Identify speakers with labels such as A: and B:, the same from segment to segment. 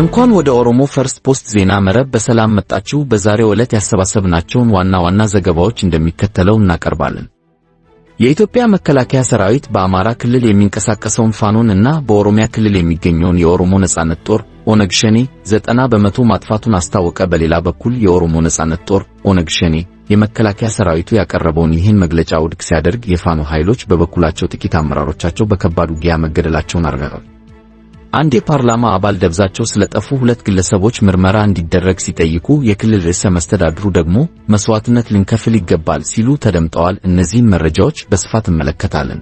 A: እንኳን ወደ ኦሮሞ ፈርስት ፖስት ዜና መረብ በሰላም መጣችሁ። በዛሬው ዕለት ያሰባሰብናቸውን ዋና ዋና ዘገባዎች እንደሚከተለው እናቀርባለን። የኢትዮጵያ መከላከያ ሰራዊት በአማራ ክልል የሚንቀሳቀሰውን ፋኖን እና በኦሮሚያ ክልል የሚገኘውን የኦሮሞ ነጻነት ጦር ኦነግ ሸኔ ዘጠና በመቶ ማጥፋቱን አስታወቀ። በሌላ በኩል የኦሮሞ ነጻነት ጦር ኦነግ ሸኔ የመከላከያ ሰራዊቱ ያቀረበውን ይህን መግለጫ ውድቅ ሲያደርግ የፋኖ ኃይሎች በበኩላቸው ጥቂት አመራሮቻቸው በከባድ ውጊያ መገደላቸውን አረጋግጠዋል። አንድ የፓርላማ አባል ደብዛቸው ስለጠፉ ሁለት ግለሰቦች ምርመራ እንዲደረግ ሲጠይቁ የክልል ርዕሰ መስተዳድሩ ደግሞ መስዋዕትነት ልንከፍል ይገባል ሲሉ ተደምጠዋል። እነዚህን መረጃዎች በስፋት እንመለከታለን።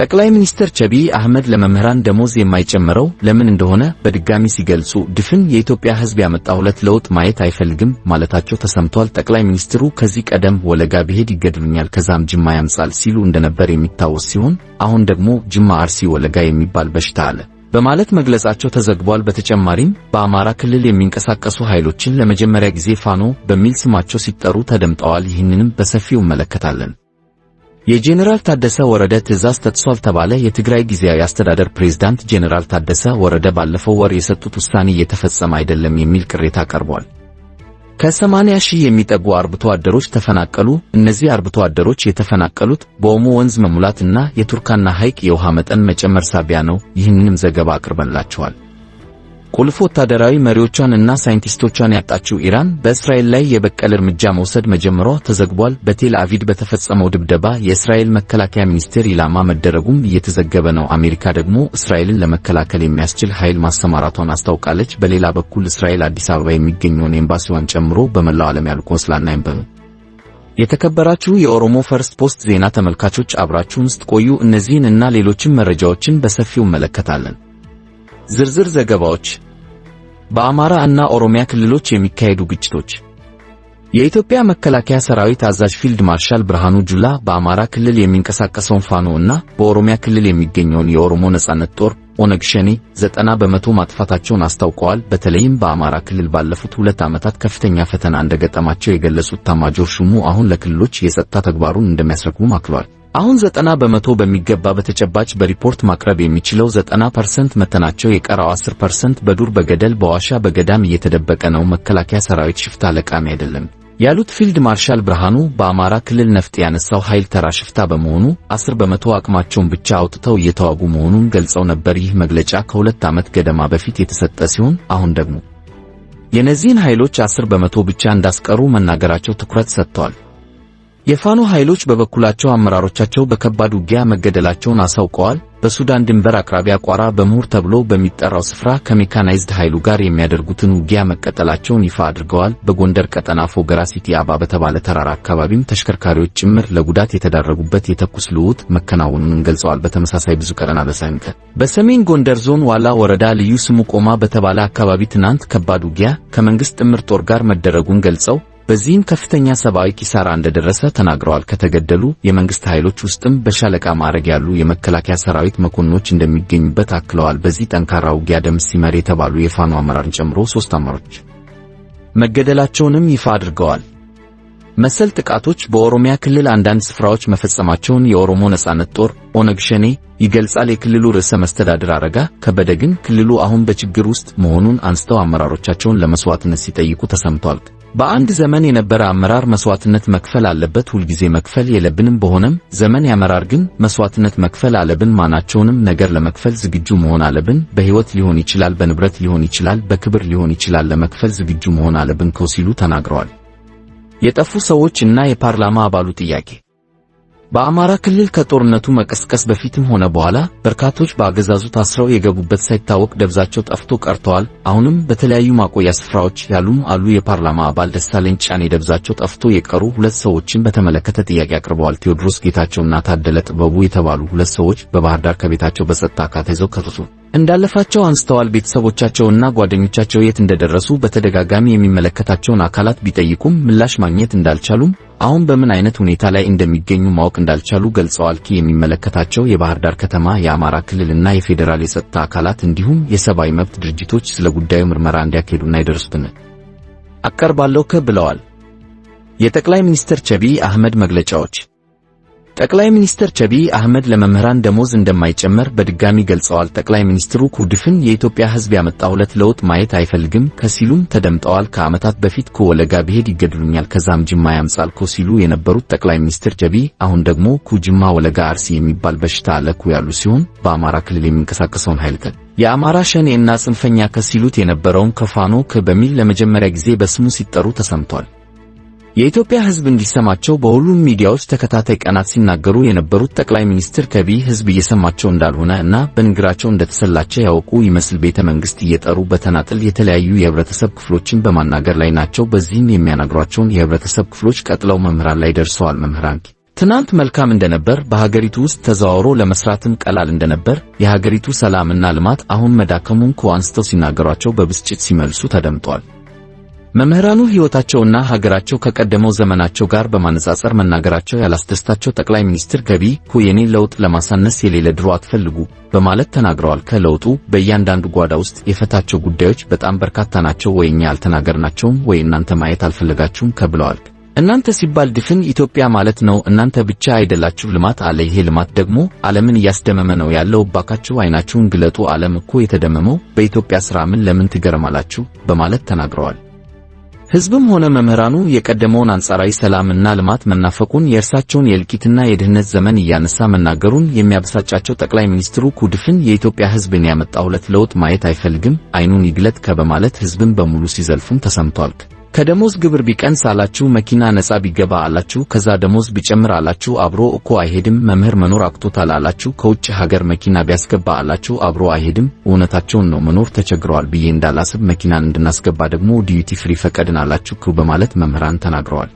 A: ጠቅላይ ሚኒስትር ቸቢ አህመድ ለመምህራን ደሞዝ የማይጨመረው ለምን እንደሆነ በድጋሚ ሲገልጹ ድፍን የኢትዮጵያ ሕዝብ ሁለት ለውጥ ማየት አይፈልግም ማለታቸው ተሰምቷል። ጠቅላይ ሚኒስትሩ ከዚህ ቀደም ወለጋ ብሄድ ይገድሉኛል፣ ከዛም ጅማ ያምጻል ሲሉ እንደነበር የሚታወስ ሲሆን አሁን ደግሞ ጅማ አርሲ ወለጋ የሚባል በሽታ አለ በማለት መግለጻቸው ተዘግቧል። በተጨማሪም በአማራ ክልል የሚንቀሳቀሱ ኃይሎችን ለመጀመሪያ ጊዜ ፋኖ በሚል ስማቸው ሲጠሩ ተደምጠዋል። ይህንንም በሰፊው እመለከታለን። የጄኔራል ታደሰ ወረደ ትዕዛዝ ተጥሷል ተባለ። የትግራይ ጊዜያዊ አስተዳደር ፕሬዝዳንት ጄኔራል ታደሰ ወረደ ባለፈው ወር የሰጡት ውሳኔ እየተፈጸመ አይደለም የሚል ቅሬታ ቀርቧል። ከሰማንያ ሺህ የሚጠጉ አርብቶ አደሮች ተፈናቀሉ። እነዚህ አርብቶ አደሮች የተፈናቀሉት በኦሞ ወንዝ መሙላትና የቱርካና ሐይቅ የውሃ መጠን መጨመር ሳቢያ ነው። ይህንንም ዘገባ አቅርበንላችኋል። ቁልፍ ወታደራዊ መሪዎቿን እና ሳይንቲስቶቿን ያጣችው ኢራን በእስራኤል ላይ የበቀል እርምጃ መውሰድ መጀመሯ ተዘግቧል። በቴል አቪድ በተፈጸመው ድብደባ የእስራኤል መከላከያ ሚኒስቴር ኢላማ መደረጉም እየተዘገበ ነው። አሜሪካ ደግሞ እስራኤልን ለመከላከል የሚያስችል ኃይል ማሰማራቷን አስታውቃለች። በሌላ በኩል እስራኤል አዲስ አበባ የሚገኘውን ኤምባሲዋን ጨምሮ በመላው ዓለም ያሉ ቆንስላና ኤምባሲ የተከበራችሁ የኦሮሞ ፈርስት ፖስት ዜና ተመልካቾች አብራችሁን ስትቆዩ እነዚህን እና ሌሎችን መረጃዎችን በሰፊው እመለከታለን። ዝርዝር ዘገባዎች። በአማራ እና ኦሮሚያ ክልሎች የሚካሄዱ ግጭቶች። የኢትዮጵያ መከላከያ ሰራዊት አዛዥ ፊልድ ማርሻል ብርሃኑ ጁላ በአማራ ክልል የሚንቀሳቀሰውን ፋኖ እና በኦሮሚያ ክልል የሚገኘውን የኦሮሞ ነጻነት ጦር ኦነግ ሸኔ ዘጠና በመቶ ማጥፋታቸውን አስታውቀዋል። በተለይም በአማራ ክልል ባለፉት ሁለት ዓመታት ከፍተኛ ፈተና እንደገጠማቸው የገለጹት ታማጆር ሹሙ አሁን ለክልሎች የጸጥታ ተግባሩን እንደሚያስረክቡም አክሏል። አሁን ዘጠና በመቶ በሚገባ በተጨባጭ በሪፖርት ማቅረብ የሚችለው ዘጠና ፐርሰንት መተናቸው የቀረው አስር ፐርሰንት በዱር በገደል በዋሻ በገዳም እየተደበቀ ነው። መከላከያ ሰራዊት ሽፍታ ለቃም አይደለም ያሉት ፊልድ ማርሻል ብርሃኑ በአማራ ክልል ነፍጥ ያነሳው ኃይል ተራ ሽፍታ በመሆኑ አስር በመቶ አቅማቸውን ብቻ አውጥተው እየተዋጉ መሆኑን ገልጸው ነበር። ይህ መግለጫ ከሁለት ዓመት ገደማ በፊት የተሰጠ ሲሆን አሁን ደግሞ የነዚህን ኃይሎች አስር በመቶ ብቻ እንዳስቀሩ መናገራቸው ትኩረት ሰጥተዋል። የፋኖ ኃይሎች በበኩላቸው አመራሮቻቸው በከባድ ውጊያ መገደላቸውን አሳውቀዋል። በሱዳን ድንበር አቅራቢያ ቋራ በምሁር ተብሎ በሚጠራው ስፍራ ከሜካናይዝድ ኃይሉ ጋር የሚያደርጉትን ውጊያ መቀጠላቸውን ይፋ አድርገዋል። በጎንደር ቀጠና ፎገራ ሲቲ አባ በተባለ ተራራ አካባቢም ተሽከርካሪዎች ጭምር ለጉዳት የተዳረጉበት የተኩስ ልውውጥ መከናወኑን ገልጸዋል። በተመሳሳይ ብዙ ቀጠና በሰሜን ጎንደር ዞን ዋላ ወረዳ ልዩ ስሙ ቆማ በተባለ አካባቢ ትናንት ከባድ ውጊያ ከመንግስት ጥምር ጦር ጋር መደረጉን ገልጸው በዚህም ከፍተኛ ሰብአዊ ኪሳራ እንደደረሰ ተናግረዋል። ከተገደሉ የመንግስት ኃይሎች ውስጥም በሻለቃ ማዕረግ ያሉ የመከላከያ ሰራዊት መኮንኖች እንደሚገኙበት አክለዋል። በዚህ ጠንካራ ውጊያ ደምስ ሲመር የተባሉ የፋኖ አመራርን ጨምሮ ሶስት አመራሮች መገደላቸውንም ይፋ አድርገዋል። መሰል ጥቃቶች በኦሮሚያ ክልል አንዳንድ ስፍራዎች መፈጸማቸውን የኦሮሞ ነጻነት ጦር ኦነግ ሸኔ ይገልጻል። የክልሉ ርዕሰ መስተዳድር አረጋ ከበደ ግን ክልሉ አሁን በችግር ውስጥ መሆኑን አንስተው አመራሮቻቸውን ለመስዋዕትነት ሲጠይቁ ተሰምቷል። በአንድ ዘመን የነበረ አመራር መስዋዕትነት መክፈል አለበት። ሁልጊዜ መክፈል የለብንም። በሆነም ዘመን ያመራር ግን መስዋዕትነት መክፈል አለብን። ማናቸውንም ነገር ለመክፈል ዝግጁ መሆን አለብን። በህይወት ሊሆን ይችላል፣ በንብረት ሊሆን ይችላል፣ በክብር ሊሆን ይችላል። ለመክፈል ዝግጁ መሆን አለብን ከው ሲሉ ተናግረዋል። የጠፉ ሰዎች እና የፓርላማ አባሉ ጥያቄ በአማራ ክልል ከጦርነቱ መቀስቀስ በፊትም ሆነ በኋላ በርካቶች በአገዛዙ ታስረው የገቡበት ሳይታወቅ ደብዛቸው ጠፍቶ ቀርተዋል። አሁንም በተለያዩ ማቆያ ስፍራዎች ያሉም አሉ። የፓርላማ አባል ደሳለኝ ጫኔ ደብዛቸው ጠፍቶ የቀሩ ሁለት ሰዎችን በተመለከተ ጥያቄ አቅርበዋል። ቴዎድሮስ ጌታቸውና ታደለ ጥበቡ የተባሉ ሁለት ሰዎች በባህር ዳር ከቤታቸው በጸጥታ አካል ተይዘው እንዳለፋቸው አንስተዋል። ቤተሰቦቻቸውና ጓደኞቻቸው የት እንደደረሱ በተደጋጋሚ የሚመለከታቸውን አካላት ቢጠይቁም ምላሽ ማግኘት እንዳልቻሉም አሁን በምን አይነት ሁኔታ ላይ እንደሚገኙ ማወቅ እንዳልቻሉ ገልጸዋል። ኪ የሚመለከታቸው የባህር ዳር ከተማ የአማራ ክልልና የፌዴራል የጸጥታ አካላት እንዲሁም የሰብአዊ መብት ድርጅቶች ስለ ጉዳዩ ምርመራ እንዲያካሄዱና የደረሱትን አቀርባለሁ ብለዋል። የጠቅላይ ሚኒስትር ቸቢ አህመድ መግለጫዎች ጠቅላይ ሚኒስትር ዐቢይ አህመድ ለመምህራን ደሞዝ እንደማይጨመር በድጋሚ ገልጸዋል። ጠቅላይ ሚኒስትሩ ኩድፍን የኢትዮጵያ ሕዝብ ያመጣሁለት ለውጥ ማየት አይፈልግም ከሲሉም ተደምጠዋል። ከዓመታት በፊት ኮ ወለጋ ብሄድ ይገድሉኛል ከዛም ጅማ ያምጻል ኮ ሲሉ የነበሩት ጠቅላይ ሚኒስትር ዐቢይ አሁን ደግሞ ኩ ጅማ፣ ወለጋ፣ አርሲ የሚባል በሽታ አለኩ ያሉ ሲሆን በአማራ ክልል የሚንቀሳቀሰውን ኃይል የአማራ ሸኔ እና ጽንፈኛ ከሲሉት የነበረውን ከፋኖ ከ በሚል ለመጀመሪያ ጊዜ በስሙ ሲጠሩ ተሰምቷል። የኢትዮጵያ ሕዝብ እንዲሰማቸው በሁሉም ሚዲያዎች ተከታታይ ቀናት ሲናገሩ የነበሩት ጠቅላይ ሚኒስትር ከቢ ሕዝብ እየሰማቸው እንዳልሆነ እና በንግራቸው እንደተሰላቸ ያውቁ ይመስል ቤተ መንግስት እየጠሩ በተናጥል የተለያዩ የህብረተሰብ ክፍሎችን በማናገር ላይ ናቸው። በዚህም የሚያናግሯቸውን የህብረተሰብ ክፍሎች ቀጥለው መምህራን ላይ ደርሰዋል። መምህራን ትናንት መልካም እንደነበር፣ በሀገሪቱ ውስጥ ተዘዋውሮ ለመስራትም ቀላል እንደነበር፣ የሀገሪቱ ሰላምና ልማት አሁን መዳከሙን ከው ሲናገሯቸው በብስጭት ሲመልሱ ተደምጧል። መምህራኑ ሕይወታቸውና ሀገራቸው ከቀደመው ዘመናቸው ጋር በማነጻጸር መናገራቸው ያላስደስታቸው ጠቅላይ ሚኒስትር ገቢ እኮ የኔን ለውጥ ለማሳነስ የሌለ ድሮ አትፈልጉ በማለት ተናግረዋል። ከለውጡ በእያንዳንዱ ጓዳ ውስጥ የፈታቸው ጉዳዮች በጣም በርካታ ናቸው። ወይ እኛ አልተናገርናቸውም ወይ እናንተ ማየት አልፈለጋችሁም ከብለዋል። እናንተ ሲባል ድፍን ኢትዮጵያ ማለት ነው። እናንተ ብቻ አይደላችሁ፣ ልማት አለ። ይሄ ልማት ደግሞ ዓለምን እያስደመመ ነው ያለው። እባካችሁ አይናችሁን ግለጡ። ዓለም እኮ የተደመመው በኢትዮጵያ ስራ ምን ለምን ትገረማላችሁ? በማለት ተናግረዋል። ሕዝብም ሆነ መምህራኑ የቀደመውን አንጻራዊ ሰላምና ልማት መናፈቁን የእርሳቸውን የእልቂትና የድህነት ዘመን እያነሳ መናገሩን የሚያበሳጫቸው ጠቅላይ ሚኒስትሩ ኩድፍን የኢትዮጵያ ሕዝብን ያመጣው ለውጥ ማየት አይፈልግም አይኑን ይግለጥ ከበማለት ህዝብን ሕዝብን በሙሉ ሲዘልፉም ተሰምቷል። ከደሞዝ ግብር ቢቀንስ አላችሁ፣ መኪና ነፃ ቢገባ አላችሁ፣ ከዛ ደሞዝ ቢጨምር አላችሁ፣ አብሮ እኮ አይሄድም፣ መምህር መኖር አቅቶታል አላችሁ፣ ከውጭ ሀገር መኪና ቢያስገባ አላችሁ፣ አብሮ አይሄድም። እውነታቸውን ነው። መኖር ተቸግረዋል ብዬ እንዳላስብ መኪናን እንድናስገባ ደግሞ ዲዩቲ ፍሪ ፈቀድን አላችሁ ክው በማለት መምህራን ተናግረዋል።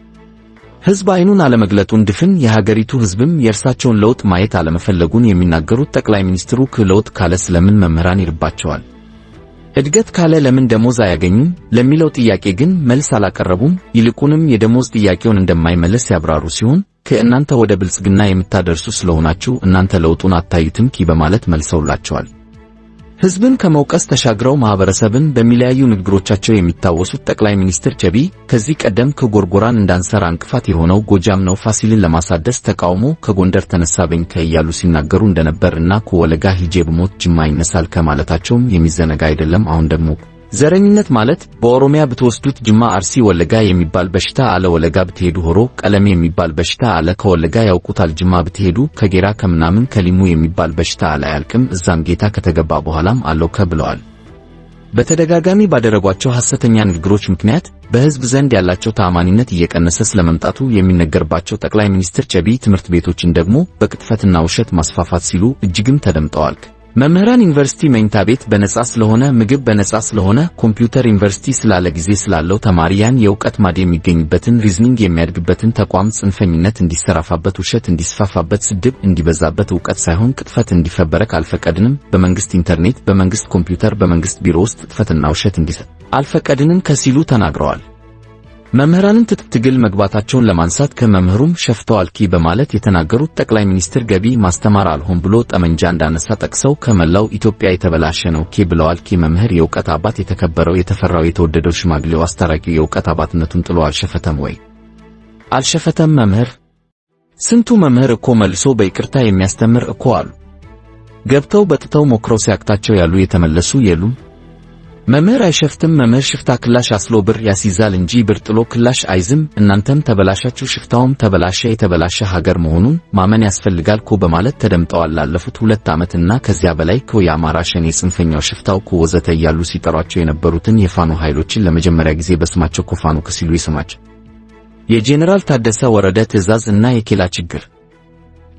A: ህዝብ አይኑን አለመግለጡን ድፍን የሀገሪቱ ህዝብም የእርሳቸውን ለውጥ ማየት አለመፈለጉን የሚናገሩት ጠቅላይ ሚኒስትሩ ክህ ለውጥ ካለ ስለምን መምህራን ይርባቸዋል? እድገት ካለ ለምን ደሞዝ አያገኙም ለሚለው ጥያቄ ግን መልስ አላቀረቡም። ይልቁንም የደሞዝ ጥያቄውን እንደማይመለስ ያብራሩ ሲሆን ከእናንተ ወደ ብልጽግና የምታደርሱ ስለሆናችሁ እናንተ ለውጡን አታዩትም ኪ በማለት መልሰውላቸዋል። ህዝብን ከመውቀስ ተሻግረው ማህበረሰብን በሚለያዩ ንግግሮቻቸው የሚታወሱት ጠቅላይ ሚኒስትር ቸቢ ከዚህ ቀደም ከጎርጎራን እንዳንሰራ እንቅፋት የሆነው ጎጃም ነው፣ ፋሲልን ለማሳደስ ተቃውሞ ከጎንደር ተነሳ በእንከ እያሉ ሲናገሩ እንደነበር እና ከወለጋ ሂጄ ብሞት ጅማ ይነሳል ከማለታቸውም የሚዘነጋ አይደለም። አሁን ደግሞ ዘረኝነት ማለት በኦሮሚያ ብትወስዱት ጅማ፣ አርሲ፣ ወለጋ የሚባል በሽታ አለ። ወለጋ ብትሄዱ ሆሮ ቀለም የሚባል በሽታ አለ። ከወለጋ ያውቁታል። ጅማ ብትሄዱ ከጌራ ከምናምን ከሊሙ የሚባል በሽታ አለ። አያልቅም። እዛም ጌታ ከተገባ በኋላም አለው ከብለዋል። በተደጋጋሚ ባደረጓቸው ሐሰተኛ ንግግሮች ምክንያት በህዝብ ዘንድ ያላቸው ተአማኒነት እየቀነሰ ስለመምጣቱ የሚነገርባቸው ጠቅላይ ሚኒስትር ቸቢ ትምህርት ቤቶችን ደግሞ በቅጥፈትና ውሸት ማስፋፋት ሲሉ እጅግም ተደምጠዋል። መምህራን ዩኒቨርሲቲ መኝታ ቤት በነጻ ስለሆነ፣ ምግብ በነጻ ስለሆነ፣ ኮምፒውተር ዩኒቨርሲቲ ስላለ፣ ጊዜ ስላለው ተማሪ ያን የእውቀት ማድ የሚገኝበትን ሪዝኒንግ የሚያድግበትን ተቋም ጽንፈኝነት እንዲሰራፋበት፣ ውሸት እንዲስፋፋበት፣ ስድብ እንዲበዛበት፣ እውቀት ሳይሆን ቅጥፈት እንዲፈበረክ አልፈቀድንም። በመንግስት ኢንተርኔት፣ በመንግስት ኮምፒውተር፣ በመንግስት ቢሮ ውስጥ ቅጥፈትና ውሸት እንዲሰ አልፈቀድንም ከሲሉ ተናግረዋል። መምህራንን ትግል መግባታቸውን ለማንሳት ከመምህሩም ሸፍተዋል ኪ በማለት የተናገሩት ጠቅላይ ሚኒስትር ገቢ ማስተማር አልሆን ብሎ ጠመንጃ እንዳነሳ ጠቅሰው ከመላው ኢትዮጵያ የተበላሸ ነው ኪ ብለዋል። ኪ መምህር የእውቀት አባት የተከበረው የተፈራው የተወደደው ሽማግሌው አስታራቂው የእውቀት አባትነቱን ጥሎ አልሸፈተም ወይ አልሸፈተም መምህር ስንቱ መምህር እኮ መልሶ በይቅርታ የሚያስተምር እኮ አሉ ገብተው በጥተው ሞክረው ሲያቅታቸው ያሉ የተመለሱ የሉም። መምህር አይሸፍትም። መምህር ሽፍታ ክላሽ አስሎ ብር ያስይዛል እንጂ ብር ጥሎ ክላሽ አይዝም። እናንተም ተበላሻችሁ፣ ሽፍታውም ተበላሸ። የተበላሸ ሀገር መሆኑን ማመን ያስፈልጋል ኮ በማለት ተደምጠዋል። ላለፉት ሁለት እና ከዚያ በላይ ኮ የአማራ ሸኔ፣ ጽንፈኛው፣ ሽፍታው ኮ ወዘተ እያሉ ሲጠሯቸው የነበሩትን የፋኖ ኃይሎችን ለመጀመሪያ ጊዜ በስማቸው ኮ ፋኖ ሲሉ የሰማቸው የጄኔራል ታደሰ ወረደ ትዕዛዝ እና የኬላ ችግር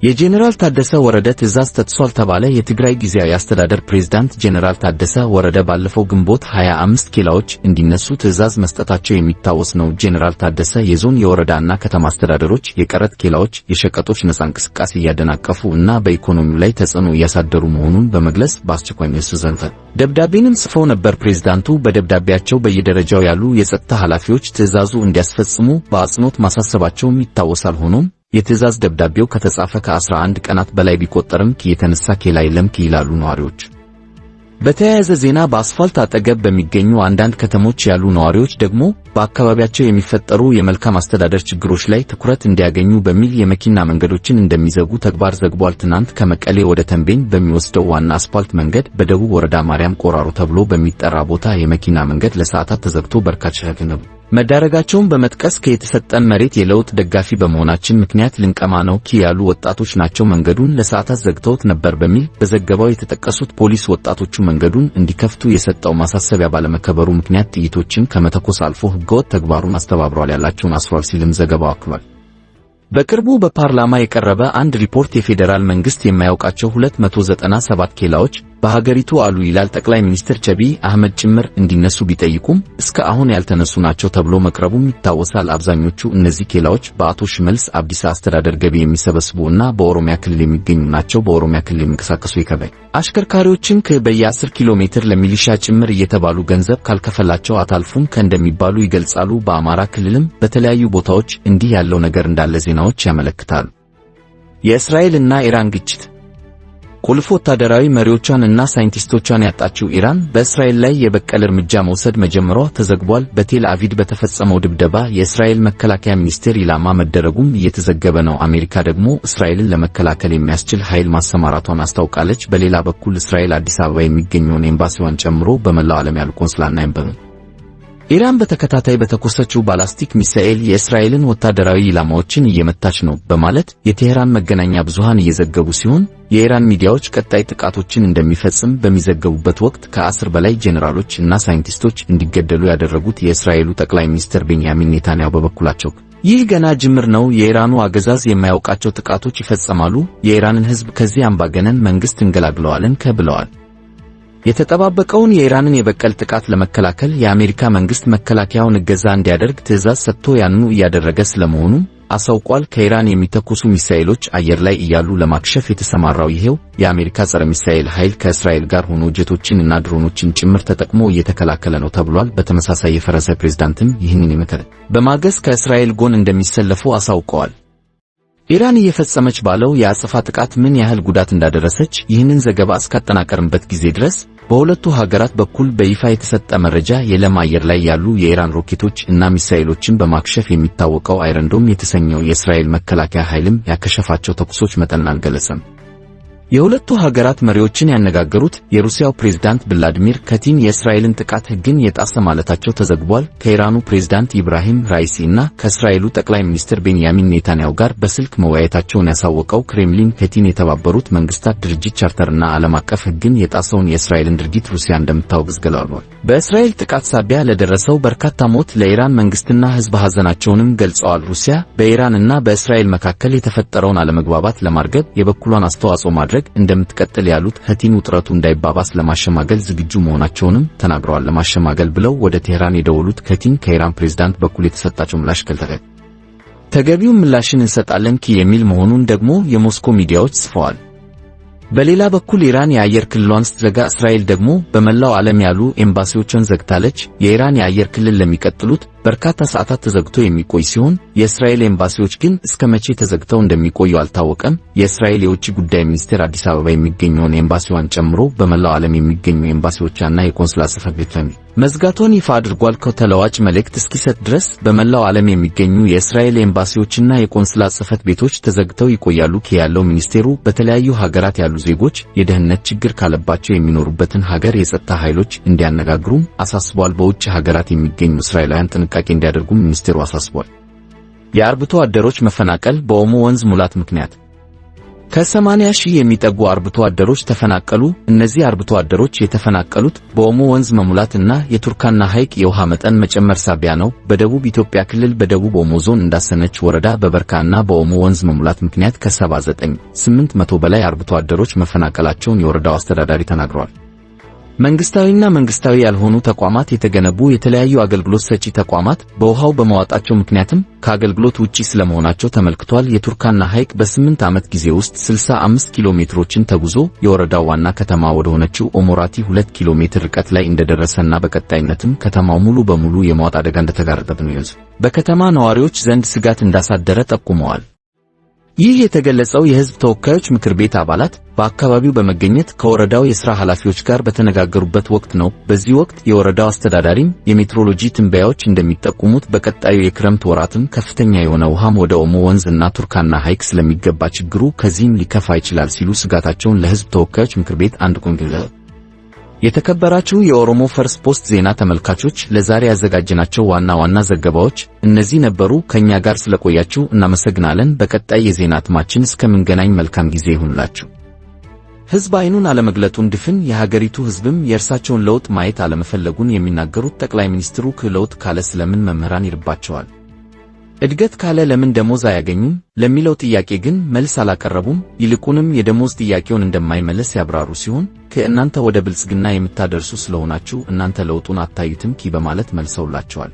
A: የጄኔራል ታደሰ ወረደ ትዕዛዝ ተጥሷል ተባለ። የትግራይ ጊዜያዊ አስተዳደር ፕሬዝዳንት ጄኔራል ታደሰ ወረደ ባለፈው ግንቦት 25 ኬላዎች እንዲነሱ ትዕዛዝ መስጠታቸው የሚታወስ ነው። ጄኔራል ታደሰ የዞን የወረዳና ከተማ አስተዳደሮች የቀረጥ ኬላዎች የሸቀጦች ነፃ እንቅስቃሴ እያደናቀፉ እና በኢኮኖሚው ላይ ተጽዕኖ እያሳደሩ መሆኑን በመግለጽ በአስቸኳይ መልስ ዘንፈ ደብዳቤንም ጽፈው ነበር። ፕሬዝዳንቱ በደብዳቤያቸው በየደረጃው ያሉ የጸጥታ ኃላፊዎች ትዕዛዙ እንዲያስፈጽሙ በአጽንኦት ማሳሰባቸውም ይታወሳል። ሆኖም የትዕዛዝ ደብዳቤው ከተጻፈ ከ11 ቀናት በላይ ቢቆጠርም ኪ የተነሳ ኬ ላይ ኪ ይላሉ ነዋሪዎች። በተያያዘ ዜና በአስፋልት አጠገብ በሚገኙ አንዳንድ ከተሞች ያሉ ነዋሪዎች ደግሞ በአካባቢያቸው የሚፈጠሩ የመልካም አስተዳደር ችግሮች ላይ ትኩረት እንዲያገኙ በሚል የመኪና መንገዶችን እንደሚዘጉ ተግባር ዘግቧል። ትናንት ከመቀሌ ወደ ተንቤን በሚወስደው ዋና አስፋልት መንገድ በደቡብ ወረዳ ማርያም ቆራሮ ተብሎ በሚጠራ ቦታ የመኪና መንገድ ለሰዓታት ተዘግቶ በርካታ መዳረጋቸውን በመጥቀስ ከየተሰጠን መሬት የለውጥ ደጋፊ በመሆናችን ምክንያት ልንቀማ ነው ኪ ያሉ ወጣቶች ናቸው መንገዱን ለሰዓታት ዘግተውት ነበር በሚል በዘገባው የተጠቀሱት ፖሊስ ወጣቶቹ መንገዱን እንዲከፍቱ የሰጠው ማሳሰቢያ ባለመከበሩ ምክንያት ጥይቶችን ከመተኮስ አልፎ ህገወጥ ተግባሩን አስተባብሯል ያላቸውን አስሯል ሲልም ዘገባው አክሏል። በቅርቡ በፓርላማ የቀረበ አንድ ሪፖርት የፌዴራል መንግስት የማያውቃቸው 297 ኬላዎች በሀገሪቱ አሉ ይላል ጠቅላይ ሚኒስትር ቸቢ አህመድ ጭምር እንዲነሱ ቢጠይቁም እስከ አሁን ያልተነሱ ናቸው ተብሎ መቅረቡም ይታወሳል። አብዛኞቹ እነዚህ ኬላዎች በአቶ ሽመልስ አብዲሳ አስተዳደር ገቢ የሚሰበስቡ እና በኦሮሚያ ክልል የሚገኙ ናቸው። በኦሮሚያ ክልል የሚንቀሳቀሱ የከባድ አሽከርካሪዎችን በየ10 ኪሎ ሜትር ለሚሊሻ ጭምር እየተባሉ ገንዘብ ካልከፈላቸው አታልፉም ከእንደሚባሉ ይገልጻሉ። በአማራ ክልልም በተለያዩ ቦታዎች እንዲህ ያለው ነገር እንዳለ ዜናዎች ያመለክታሉ። የእስራኤል እና ኢራን ግጭት ቁልፍ ወታደራዊ መሪዎቿን እና ሳይንቲስቶቿን ያጣችው ኢራን በእስራኤል ላይ የበቀል እርምጃ መውሰድ መጀመሯ ተዘግቧል። በቴል አቪድ በተፈጸመው ድብደባ የእስራኤል መከላከያ ሚኒስቴር ኢላማ መደረጉም እየተዘገበ ነው። አሜሪካ ደግሞ እስራኤልን ለመከላከል የሚያስችል ኃይል ማሰማራቷን አስታውቃለች። በሌላ በኩል እስራኤል አዲስ አበባ የሚገኘውን ኤምባሲዋን ጨምሮ በመላው ዓለም ያሉ ቆንስላና ኢራን በተከታታይ በተኮሰችው ባላስቲክ ሚሳኤል የእስራኤልን ወታደራዊ ኢላማዎችን እየመታች ነው በማለት የቴህራን መገናኛ ብዙሃን እየዘገቡ ሲሆን የኢራን ሚዲያዎች ቀጣይ ጥቃቶችን እንደሚፈጽም በሚዘገቡበት ወቅት ከአስር በላይ ጄኔራሎች እና ሳይንቲስቶች እንዲገደሉ ያደረጉት የእስራኤሉ ጠቅላይ ሚኒስትር ቤንያሚን ኔታንያሁ በበኩላቸው ይህ ገና ጅምር ነው። የኢራኑ አገዛዝ የማያውቃቸው ጥቃቶች ይፈጸማሉ። የኢራንን ሕዝብ ከዚህ አምባገነን መንግስት እንገላግለዋለን ከብለዋል። የተጠባበቀውን የኢራንን የበቀል ጥቃት ለመከላከል የአሜሪካ መንግስት መከላከያውን እገዛ እንዲያደርግ ትዕዛዝ ሰጥቶ ያንኑ እያደረገ ስለመሆኑ አሳውቋል። ከኢራን የሚተኮሱ ሚሳኤሎች አየር ላይ እያሉ ለማክሸፍ የተሰማራው ይሄው የአሜሪካ ጸረ ሚሳኤል ኃይል ከእስራኤል ጋር ሆኖ ጀቶችን እና ድሮኖችን ጭምር ተጠቅሞ እየተከላከለ ነው ተብሏል። በተመሳሳይ የፈረንሳይ ፕሬዝዳንትም ይህንን ይመከረ በማገዝ ከእስራኤል ጎን እንደሚሰለፉ አሳውቀዋል። ኢራን እየፈጸመች ባለው የአጸፋ ጥቃት ምን ያህል ጉዳት እንዳደረሰች ይህንን ዘገባ እስካጠናቀርንበት ጊዜ ድረስ በሁለቱ ሀገራት በኩል በይፋ የተሰጠ መረጃ የለም። አየር ላይ ያሉ የኢራን ሮኬቶች እና ሚሳኤሎችን በማክሸፍ የሚታወቀው አይረንዶም የተሰኘው የእስራኤል መከላከያ ኃይልም ያከሸፋቸው ተኩሶች መጠን አልገለጸም። የሁለቱ ሀገራት መሪዎችን ያነጋገሩት የሩሲያው ፕሬዝዳንት ቭላዲሚር ፑቲን የእስራኤልን ጥቃት ሕግን የጣሰ ማለታቸው ተዘግቧል። ከኢራኑ ፕሬዝዳንት ኢብራሂም ራይሲ እና ከእስራኤሉ ጠቅላይ ሚኒስትር ቤንያሚን ኔታንያሁ ጋር በስልክ መወያየታቸውን ያሳወቀው ክሬምሊን ፑቲን የተባበሩት መንግስታት ድርጅት ቻርተርና ዓለም አቀፍ ሕግን የጣሰውን የእስራኤልን ድርጊት ሩሲያ እንደምታወግዝ ገልጸዋል። በእስራኤል ጥቃት ሳቢያ ለደረሰው በርካታ ሞት ለኢራን መንግስትና ሕዝብ ሐዘናቸውንም ገልጸዋል። ሩሲያ በኢራንና በእስራኤል መካከል የተፈጠረውን አለመግባባት ለማርገብ የበኩሏን አስተዋጽኦ ማድረግ በማድረግ እንደምትቀጥል ያሉት ሀቲን ውጥረቱ እንዳይባባስ ለማሸማገል ዝግጁ መሆናቸውንም ተናግረዋል። ለማሸማገል ብለው ወደ ቴህራን የደወሉት ከቲን ከኢራን ፕሬዝዳንት በኩል የተሰጣቸው ምላሽ ተገቢውን ምላሽን እንሰጣለን ኪ የሚል መሆኑን ደግሞ የሞስኮ ሚዲያዎች ጽፈዋል። በሌላ በኩል ኢራን የአየር ክልሏን ስትዘጋ እስራኤል ደግሞ በመላው ዓለም ያሉ ኤምባሲዎቿን ዘግታለች። የኢራን የአየር ክልል ለሚቀጥሉት በርካታ ሰዓታት ተዘግቶ የሚቆይ ሲሆን የእስራኤል ኤምባሲዎች ግን እስከ መቼ ተዘግተው እንደሚቆዩ አልታወቀም። የእስራኤል የውጭ ጉዳይ ሚኒስቴር አዲስ አበባ የሚገኘውን ኤምባሲዋን ጨምሮ በመላው ዓለም የሚገኙ ኤምባሲዎችና የቆንስላ ጽሕፈት ቤቶችን ይፋ አድርጓል። ከተለዋጭ መልእክት እስኪሰጥ ድረስ በመላው ዓለም የሚገኙ የእስራኤል ኤምባሲዎችና የቆንስላ ጽሕፈት ቤቶች ተዘግተው ይቆያሉ ያለው ሚኒስቴሩ በተለያዩ ሀገራት ያሉ ዜጎች የደህንነት ችግር ካለባቸው የሚኖሩበትን ሀገር የጸጥታ ኃይሎች እንዲያነጋግሩም አሳስቧል። በውጭ ሀገራት የሚገኙ እስራኤላውያን ጥንቃ ጥንቃቄ እንዲያደርጉም ሚኒስቴሩ አሳስቧል። የአርብቶ አደሮች መፈናቀል በኦሞ ወንዝ ሙላት ምክንያት ከ80 ሺህ የሚጠጉ አርብቶ አደሮች ተፈናቀሉ። እነዚህ አርብቶ አደሮች የተፈናቀሉት በኦሞ ወንዝ መሙላት እና የቱርካና ሐይቅ የውሃ መጠን መጨመር ሳቢያ ነው። በደቡብ ኢትዮጵያ ክልል በደቡብ ኦሞ ዞን እንዳሰነች ወረዳ በበርካና በኦሞ ወንዝ መሙላት ምክንያት ከ79 800 በላይ አርብቶ አደሮች መፈናቀላቸውን የወረዳው አስተዳዳሪ ተናግረዋል። መንግስታዊና መንግስታዊ ያልሆኑ ተቋማት የተገነቡ የተለያዩ አገልግሎት ሰጪ ተቋማት በውሃው በመዋጣቸው ምክንያትም ከአገልግሎት ውጪ ስለመሆናቸው ተመልክቷል። የቱርካና ሐይቅ በስምንት ዓመት ጊዜ ውስጥ 65 ኪሎ ሜትሮችን ተጉዞ የወረዳው ዋና ከተማ ወደሆነችው ኦሞራቲ 2 ኪሎ ሜትር ርቀት ላይ እንደደረሰና በቀጣይነትም ከተማው ሙሉ በሙሉ የመዋጥ አደጋ እንደተጋረጠበት ነው በከተማ ነዋሪዎች ዘንድ ስጋት እንዳሳደረ ጠቁመዋል። ይህ የተገለጸው የህዝብ ተወካዮች ምክር ቤት አባላት በአካባቢው በመገኘት ከወረዳው የሥራ ኃላፊዎች ጋር በተነጋገሩበት ወቅት ነው። በዚህ ወቅት የወረዳው አስተዳዳሪም የሜትሮሎጂ ትንበያዎች እንደሚጠቁሙት በቀጣዩ የክረምት ወራትም ከፍተኛ የሆነ ውሃም ወደ ኦሞ ወንዝና ቱርካና ሐይቅ ስለሚገባ ችግሩ ከዚህም ሊከፋ ይችላል ሲሉ ስጋታቸውን ለሕዝብ ተወካዮች ምክር ቤት አንድ የተከበራችሁ የኦሮሞ ፈርስት ፖስት ዜና ተመልካቾች ለዛሬ ያዘጋጅናቸው ዋና ዋና ዘገባዎች እነዚህ ነበሩ። ከእኛ ጋር ስለቆያችሁ እናመሰግናለን። በቀጣይ የዜና እትማችን እስከምንገናኝ መልካም ጊዜ ይሁንላችሁ። ሕዝብ ዓይኑን አለመግለጡን ድፍን የሀገሪቱ ሕዝብም የእርሳቸውን ለውጥ ማየት አለመፈለጉን የሚናገሩት ጠቅላይ ሚኒስትሩ ክህ ለውጥ ካለ ስለምን መምህራን ይርባቸዋል? እድገት ካለ ለምን ደሞዝ አያገኙም ለሚለው ጥያቄ ግን መልስ አላቀረቡም። ይልቁንም የደሞዝ ጥያቄውን እንደማይመለስ ያብራሩ ሲሆን ከእናንተ ወደ ብልጽግና የምታደርሱ ስለሆናችሁ እናንተ ለውጡን አታዩትም ኪ በማለት መልሰውላቸዋል።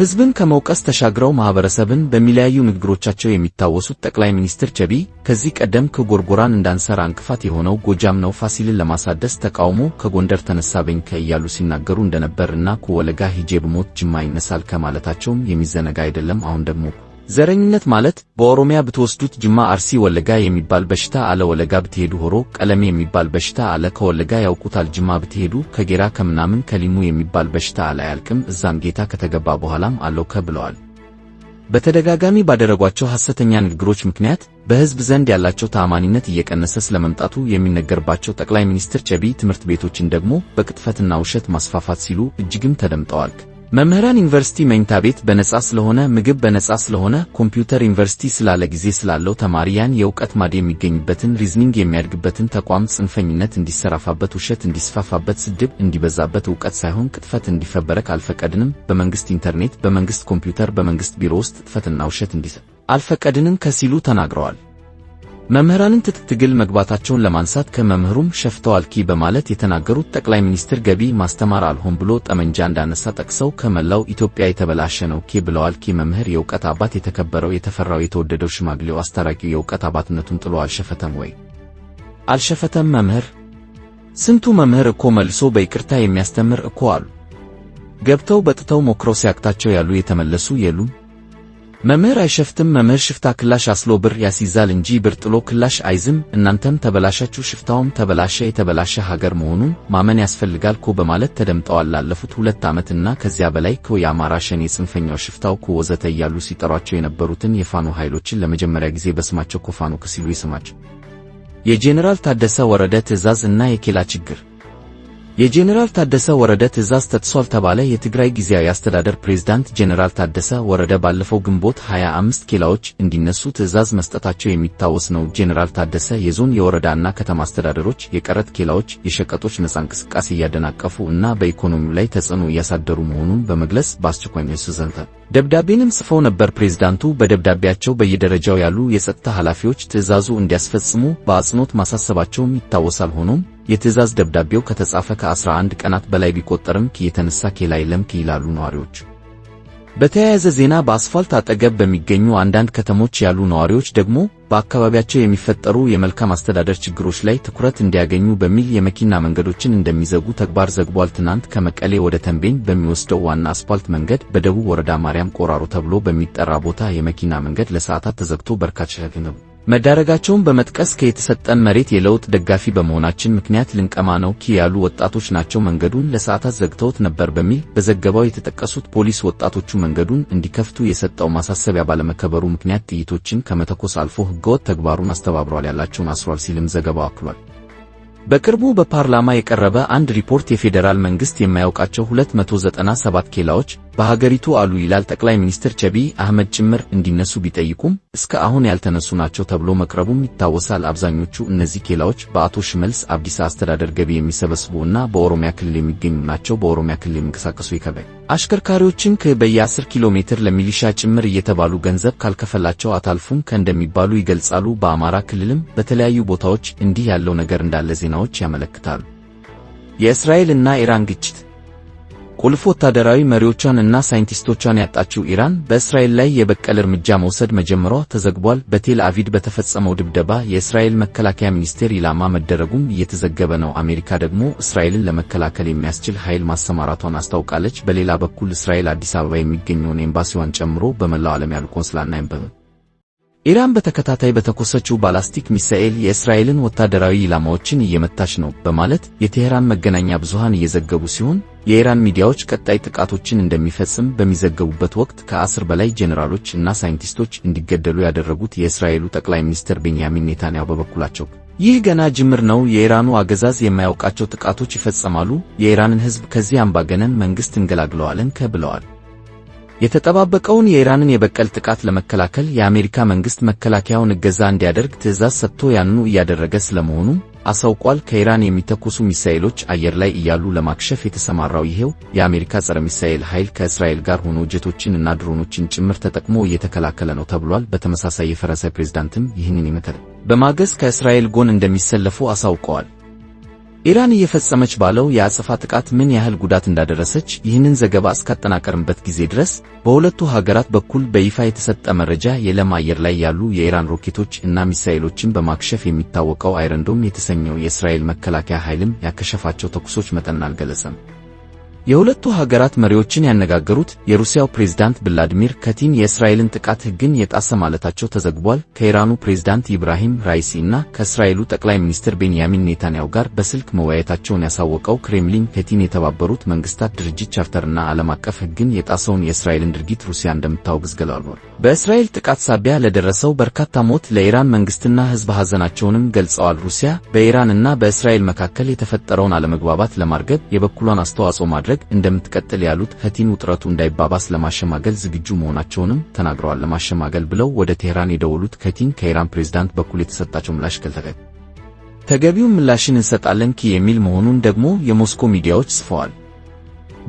A: ህዝብን ከመውቀስ ተሻግረው ማህበረሰብን በሚለያዩ ንግግሮቻቸው የሚታወሱት ጠቅላይ ሚኒስትር ቸቢ ከዚህ ቀደም ከጎርጎራን እንዳንሰራ እንቅፋት የሆነው ጎጃም ነው፣ ፋሲልን ለማሳደስ ተቃውሞ ከጎንደር በኝከ እያሉ ሲናገሩ እንደነበር እና ከወለጋ ሂጄ ብሞት ጅማ ይነሳል ከማለታቸውም የሚዘነጋ አይደለም። አሁን ደግሞ ዘረኝነት ማለት በኦሮሚያ ብትወስዱት ጅማ፣ አርሲ፣ ወለጋ የሚባል በሽታ አለ። ወለጋ ብትሄዱ ሆሮ ቀለሜ የሚባል በሽታ አለ። ከወለጋ ያውቁታል። ጅማ ብትሄዱ ከጌራ ከምናምን ከሊሙ የሚባል በሽታ አለ። አያልቅም። እዛም ጌታ ከተገባ በኋላም አለው ከብለዋል። በተደጋጋሚ ባደረጓቸው ሐሰተኛ ንግግሮች ምክንያት በሕዝብ ዘንድ ያላቸው ተአማኒነት እየቀነሰ ስለመምጣቱ የሚነገርባቸው ጠቅላይ ሚኒስትር ቸቢ ትምህርት ቤቶችን ደግሞ በቅጥፈትና ውሸት ማስፋፋት ሲሉ እጅግም ተደምጠዋል። መምህራን ዩኒቨርሲቲ መኝታ ቤት በነፃ ስለሆነ፣ ምግብ በነፃ ስለሆነ፣ ኮምፒውተር ዩኒቨርሲቲ ስላለ፣ ጊዜ ስላለው ተማሪ ያን የእውቀት ማድ የሚገኝበትን ሪዝኒንግ የሚያድግበትን ተቋም ጽንፈኝነት እንዲሰራፋበት፣ ውሸት እንዲስፋፋበት፣ ስድብ እንዲበዛበት፣ እውቀት ሳይሆን ቅጥፈት እንዲፈበረክ አልፈቀድንም። በመንግስት ኢንተርኔት፣ በመንግስት ኮምፒውተር፣ በመንግስት ቢሮ ውስጥ ጥፈትና ውሸት እንዲሰ አልፈቀድንም ከሲሉ ተናግረዋል። መምህራንን ትትትግል ትግል መግባታቸውን ለማንሳት ከመምህሩም ሸፍተዋል ኪ በማለት የተናገሩት ጠቅላይ ሚኒስትር ገቢ ማስተማር አልሆን ብሎ ጠመንጃ እንዳነሳ ጠቅሰው ከመላው ኢትዮጵያ የተበላሸ ነው ኪ ብለዋል። ኪ መምህር የእውቀት አባት፣ የተከበረው የተፈራው የተወደደው ሽማግሌው፣ አስታራቂው የእውቀት አባትነቱን ጥሎ አልሸፈተም ወይ አልሸፈተም መምህር ስንቱ መምህር እኮ መልሶ በይቅርታ የሚያስተምር እኮ አሉ ገብተው በጥተው ሞክረው ሲያቅታቸው ያሉ የተመለሱ የሉም። መምህር አይሸፍትም። መምህር ሽፍታ ክላሽ አስሎ ብር ያስይዛል እንጂ ብር ጥሎ ክላሽ አይዝም። እናንተም ተበላሻችሁ፣ ሽፍታውም ተበላሸ። የተበላሸ ሀገር መሆኑን ማመን ያስፈልጋል ኮ በማለት ተደምጠዋል። ላለፉት ሁለት እና ከዚያ በላይ ኮ የአማራ ሸኔ፣ የጽንፈኛው ሽፍታው ኮ ወዘተ እያሉ ሲጠሯቸው የነበሩትን የፋኖ ኃይሎችን ለመጀመሪያ ጊዜ በስማቸው ኮ ፋኖ ሲሉ የስማቸው የጄኔራል ታደሰ ወረደ ትዕዛዝ እና የኬላ ችግር የጄኔራል ታደሰ ወረደ ትዕዛዝ ተጥሷል ተባለ። የትግራይ ጊዜያዊ አስተዳደር ፕሬዝዳንት ጄኔራል ታደሰ ወረደ ባለፈው ግንቦት 25 ኬላዎች እንዲነሱ ትዕዛዝ መስጠታቸው የሚታወስ ነው። ጄኔራል ታደሰ የዞን የወረዳና ከተማ አስተዳደሮች የቀረጥ ኬላዎች የሸቀጦች ነጻ እንቅስቃሴ እያደናቀፉ እና በኢኮኖሚው ላይ ተጽዕኖ እያሳደሩ መሆኑን በመግለጽ በአስቸኳይ ዘንተ ደብዳቤንም ጽፈው ነበር። ፕሬዝዳንቱ በደብዳቤያቸው በየደረጃው ያሉ የጸጥታ ኃላፊዎች ትዕዛዙ እንዲያስፈጽሙ በአጽንኦት ማሳሰባቸውም ይታወሳል። ሆኖም የትዕዛዝ ደብዳቤው ከተጻፈ ከ11 ቀናት በላይ ቢቆጠርም የተነሳ ኬላይ ለምክ ይላሉ ነዋሪዎች። በተያያዘ ዜና በአስፋልት አጠገብ በሚገኙ አንዳንድ ከተሞች ያሉ ነዋሪዎች ደግሞ በአካባቢያቸው የሚፈጠሩ የመልካም አስተዳደር ችግሮች ላይ ትኩረት እንዲያገኙ በሚል የመኪና መንገዶችን እንደሚዘጉ ተግባር ዘግቧል። ትናንት ከመቀሌ ወደ ተንቤን በሚወስደው ዋና አስፋልት መንገድ በደቡብ ወረዳ ማርያም ቆራሮ ተብሎ በሚጠራ ቦታ የመኪና መንገድ ለሰዓታት ተዘግቶ በርካታ መዳረጋቸውን በመጥቀስ ከየተሰጠን መሬት የለውጥ ደጋፊ በመሆናችን ምክንያት ልንቀማ ነው ኪ ያሉ ወጣቶች ናቸው መንገዱን ለሰዓታት ዘግተውት ነበር በሚል በዘገባው የተጠቀሱት ፖሊስ ወጣቶቹ መንገዱን እንዲከፍቱ የሰጠው ማሳሰቢያ ባለመከበሩ ምክንያት ጥይቶችን ከመተኮስ አልፎ ህገወጥ ተግባሩን አስተባብሯል ያላቸውን አስሯል ሲልም ዘገባው አክሏል። በቅርቡ በፓርላማ የቀረበ አንድ ሪፖርት የፌዴራል መንግስት የማያውቃቸው 297 ኬላዎች በሀገሪቱ አሉ ይላል ጠቅላይ ሚኒስትር ቸቢ አህመድ ጭምር እንዲነሱ ቢጠይቁም እስከ አሁን ያልተነሱ ናቸው ተብሎ መቅረቡም ይታወሳል። አብዛኞቹ እነዚህ ኬላዎች በአቶ ሽመልስ አብዲሳ አስተዳደር ገቢ የሚሰበስቡ እና በኦሮሚያ ክልል የሚገኙ ናቸው። በኦሮሚያ ክልል የሚንቀሳቀሱ ይከበል አሽከርካሪዎችን በየ10 ኪሎ ሜትር ለሚሊሻ ጭምር እየተባሉ ገንዘብ ካልከፈላቸው አታልፉም ከእንደሚባሉ ይገልጻሉ። በአማራ ክልልም በተለያዩ ቦታዎች እንዲህ ያለው ነገር እንዳለ ዜናዎች ያመለክታሉ። የእስራኤል እና ኢራን ግጭት ቁልፍ ወታደራዊ መሪዎቿን እና ሳይንቲስቶቿን ያጣችው ኢራን በእስራኤል ላይ የበቀል እርምጃ መውሰድ መጀመሯ ተዘግቧል። በቴል አቪድ በተፈጸመው ድብደባ የእስራኤል መከላከያ ሚኒስቴር ኢላማ መደረጉም እየተዘገበ ነው። አሜሪካ ደግሞ እስራኤልን ለመከላከል የሚያስችል ኃይል ማሰማራቷን አስታውቃለች። በሌላ በኩል እስራኤል አዲስ አበባ የሚገኘውን ኤምባሲዋን ጨምሮ በመላው ዓለም ያሉ ቆንስላና ኢራን በተከታታይ በተኮሰችው ባላስቲክ ሚሳኤል የእስራኤልን ወታደራዊ ኢላማዎችን እየመታች ነው በማለት የቴህራን መገናኛ ብዙሃን እየዘገቡ ሲሆን የኢራን ሚዲያዎች ቀጣይ ጥቃቶችን እንደሚፈጽም በሚዘገቡበት ወቅት ከአስር በላይ ጄኔራሎች እና ሳይንቲስቶች እንዲገደሉ ያደረጉት የእስራኤሉ ጠቅላይ ሚኒስትር ቤንያሚን ኔታንያሁ በበኩላቸው ይህ ገና ጅምር ነው። የኢራኑ አገዛዝ የማያውቃቸው ጥቃቶች ይፈጸማሉ። የኢራንን ሕዝብ ከዚህ አምባገነን መንግሥት እንገላግለዋለን ከብለዋል። የተጠባበቀውን የኢራንን የበቀል ጥቃት ለመከላከል የአሜሪካ መንግሥት መከላከያውን እገዛ እንዲያደርግ ትዕዛዝ ሰጥቶ ያንኑ እያደረገ ስለመሆኑ አሳውቋል። ከኢራን የሚተኮሱ ሚሳኤሎች አየር ላይ እያሉ ለማክሸፍ የተሰማራው ይሄው የአሜሪካ ጸረ ሚሳኤል ኃይል ከእስራኤል ጋር ሆኖ ጀቶችን እና ድሮኖችን ጭምር ተጠቅሞ እየተከላከለ ነው ተብሏል። በተመሳሳይ የፈረንሳይ ፕሬዝዳንትም ይህንን ይመከል በማገዝ ከእስራኤል ጎን እንደሚሰለፉ አሳውቀዋል። ኢራን እየፈጸመች ባለው የአጸፋ ጥቃት ምን ያህል ጉዳት እንዳደረሰች ይህንን ዘገባ እስካጠናቀርንበት ጊዜ ድረስ በሁለቱ ሀገራት በኩል በይፋ የተሰጠ መረጃ የለም። አየር ላይ ያሉ የኢራን ሮኬቶች እና ሚሳኤሎችን በማክሸፍ የሚታወቀው አይረንዶም የተሰኘው የእስራኤል መከላከያ ኃይልም ያከሸፋቸው ተኩሶች መጠን አልገለጸም። የሁለቱ ሀገራት መሪዎችን ያነጋገሩት የሩሲያው ፕሬዝዳንት ቭላዲሚር ፑቲን የእስራኤልን ጥቃት ሕግን የጣሰ ማለታቸው ተዘግቧል። ከኢራኑ ፕሬዝዳንት ኢብራሂም ራይሲ እና ከእስራኤሉ ጠቅላይ ሚኒስትር ቤንያሚን ኔታንያሁ ጋር በስልክ መወያየታቸውን ያሳወቀው ክሬምሊን ፑቲን የተባበሩት መንግስታት ድርጅት ቻርተርና ዓለም አቀፍ ሕግን የጣሰውን የእስራኤልን ድርጊት ሩሲያ እንደምታወግዝ ገልጸዋል። በእስራኤል ጥቃት ሳቢያ ለደረሰው በርካታ ሞት ለኢራን መንግስትና ሕዝብ ሐዘናቸውንም ገልጸዋል። ሩሲያ በኢራን እና በእስራኤል መካከል የተፈጠረውን አለመግባባት ለማርገብ የበኩሏን አስተዋጽኦ ማድረግ ማድረግ እንደምትቀጥል ያሉት ኸቲን ውጥረቱ እንዳይባባስ ለማሸማገል ዝግጁ መሆናቸውንም ተናግረዋል። ለማሸማገል ብለው ወደ ቴህራን የደወሉት ኸቲን ከኢራን ፕሬዝዳንት በኩል የተሰጣቸው ምላሽ ከልተገ ተገቢውን ምላሽን እንሰጣለን ኪ የሚል መሆኑን ደግሞ የሞስኮ ሚዲያዎች ጽፈዋል።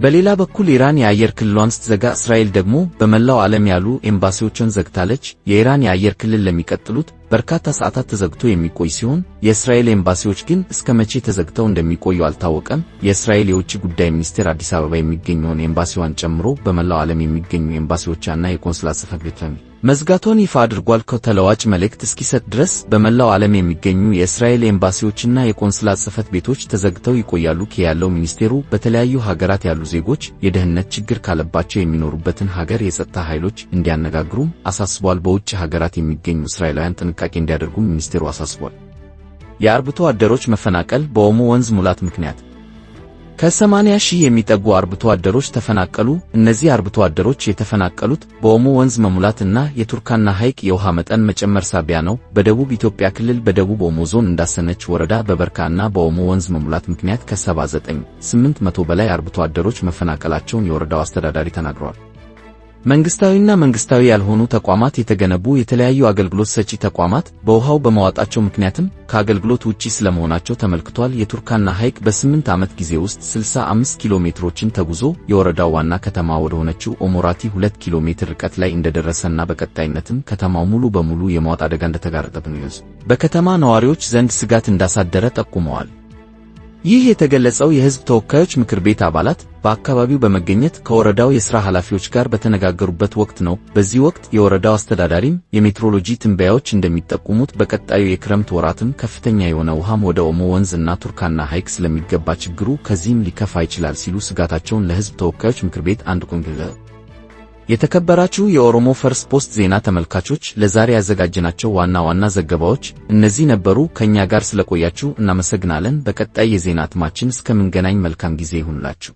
A: በሌላ በኩል ኢራን የአየር ክልሏን ስትዘጋ እስራኤል ደግሞ በመላው ዓለም ያሉ ኤምባሲዎችን ዘግታለች። የኢራን የአየር ክልል ለሚቀጥሉት በርካታ ሰዓታት ተዘግቶ የሚቆይ ሲሆን የእስራኤል ኤምባሲዎች ግን እስከ መቼ ተዘግተው እንደሚቆዩ አልታወቀም። የእስራኤል የውጭ ጉዳይ ሚኒስቴር አዲስ አበባ የሚገኘውን ኤምባሲዋን ጨምሮ በመላው ዓለም የሚገኙ ኤምባሲዎቿና የቆንስላ ጽሕፈት ቤት መዝጋቶን ይፋ አድርጓል። ከተለዋጭ መልእክት እስኪሰጥ ድረስ በመላው ዓለም የሚገኙ የእስራኤል ኤምባሲዎችና የቆንስላ ጽህፈት ቤቶች ተዘግተው ይቆያሉ ያለው ሚኒስቴሩ በተለያዩ ሀገራት ያሉ ዜጎች የደህንነት ችግር ካለባቸው የሚኖሩበትን ሀገር የጸጥታ ኃይሎች እንዲያነጋግሩም አሳስቧል። በውጭ ሀገራት የሚገኙ እስራኤላውያን ጥንቃቄ እንዲያደርጉም ሚኒስቴሩ አሳስቧል። የአርብቶ አደሮች መፈናቀል በኦሞ ወንዝ ሙላት ምክንያት ከሰማንያ ሺህ የሚጠጉ አርብቶ አደሮች ተፈናቀሉ። እነዚህ አርብቶ አደሮች የተፈናቀሉት በኦሞ ወንዝ መሙላትና የቱርካና ሐይቅ የውሃ መጠን መጨመር ሳቢያ ነው። በደቡብ ኢትዮጵያ ክልል በደቡብ ኦሞ ዞን እንዳሰነች ወረዳ በበርካና በኦሞ ወንዝ መሙላት ምክንያት ከ79800 በላይ አርብቶ አደሮች መፈናቀላቸውን የወረዳው አስተዳዳሪ ተናግረዋል። መንግስታዊና መንግስታዊ ያልሆኑ ተቋማት የተገነቡ የተለያዩ አገልግሎት ሰጪ ተቋማት በውሃው በመዋጣቸው ምክንያትም ከአገልግሎት ውጪ ስለመሆናቸው ተመልክቷል። የቱርካና ሐይቅ በ8 ዓመት ጊዜ ውስጥ 65 ኪሎ ሜትሮችን ተጉዞ የወረዳው ዋና ከተማ ወደሆነችው ኦሞራቲ 2 ኪሎ ሜትር ርቀት ላይ እንደደረሰና በቀጣይነትም ከተማው ሙሉ በሙሉ የመዋጥ አደጋ እንደተጋረጠብን በከተማ ነዋሪዎች ዘንድ ስጋት እንዳሳደረ ጠቁመዋል። ይህ የተገለጸው የህዝብ ተወካዮች ምክር ቤት አባላት በአካባቢው በመገኘት ከወረዳው የሥራ ኃላፊዎች ጋር በተነጋገሩበት ወቅት ነው። በዚህ ወቅት የወረዳው አስተዳዳሪም የሜትሮሎጂ ትንበያዎች እንደሚጠቁሙት በቀጣዩ የክረምት ወራትም ከፍተኛ የሆነ ውሃም ወደ ኦሞ ወንዝ እና ቱርካና ሐይቅ ስለሚገባ ችግሩ ከዚህም ሊከፋ ይችላል ሲሉ ስጋታቸውን ለሕዝብ ተወካዮች ምክር ቤት አንድ የተከበራችሁ የኦሮሞ ፈርስት ፖስት ዜና ተመልካቾች ለዛሬ ያዘጋጅናቸው ዋና ዋና ዘገባዎች እነዚህ ነበሩ። ከእኛ ጋር ስለቆያችሁ እናመሰግናለን። በቀጣይ የዜና እትማችን እስከምንገናኝ መልካም ጊዜ ይሁንላችሁ።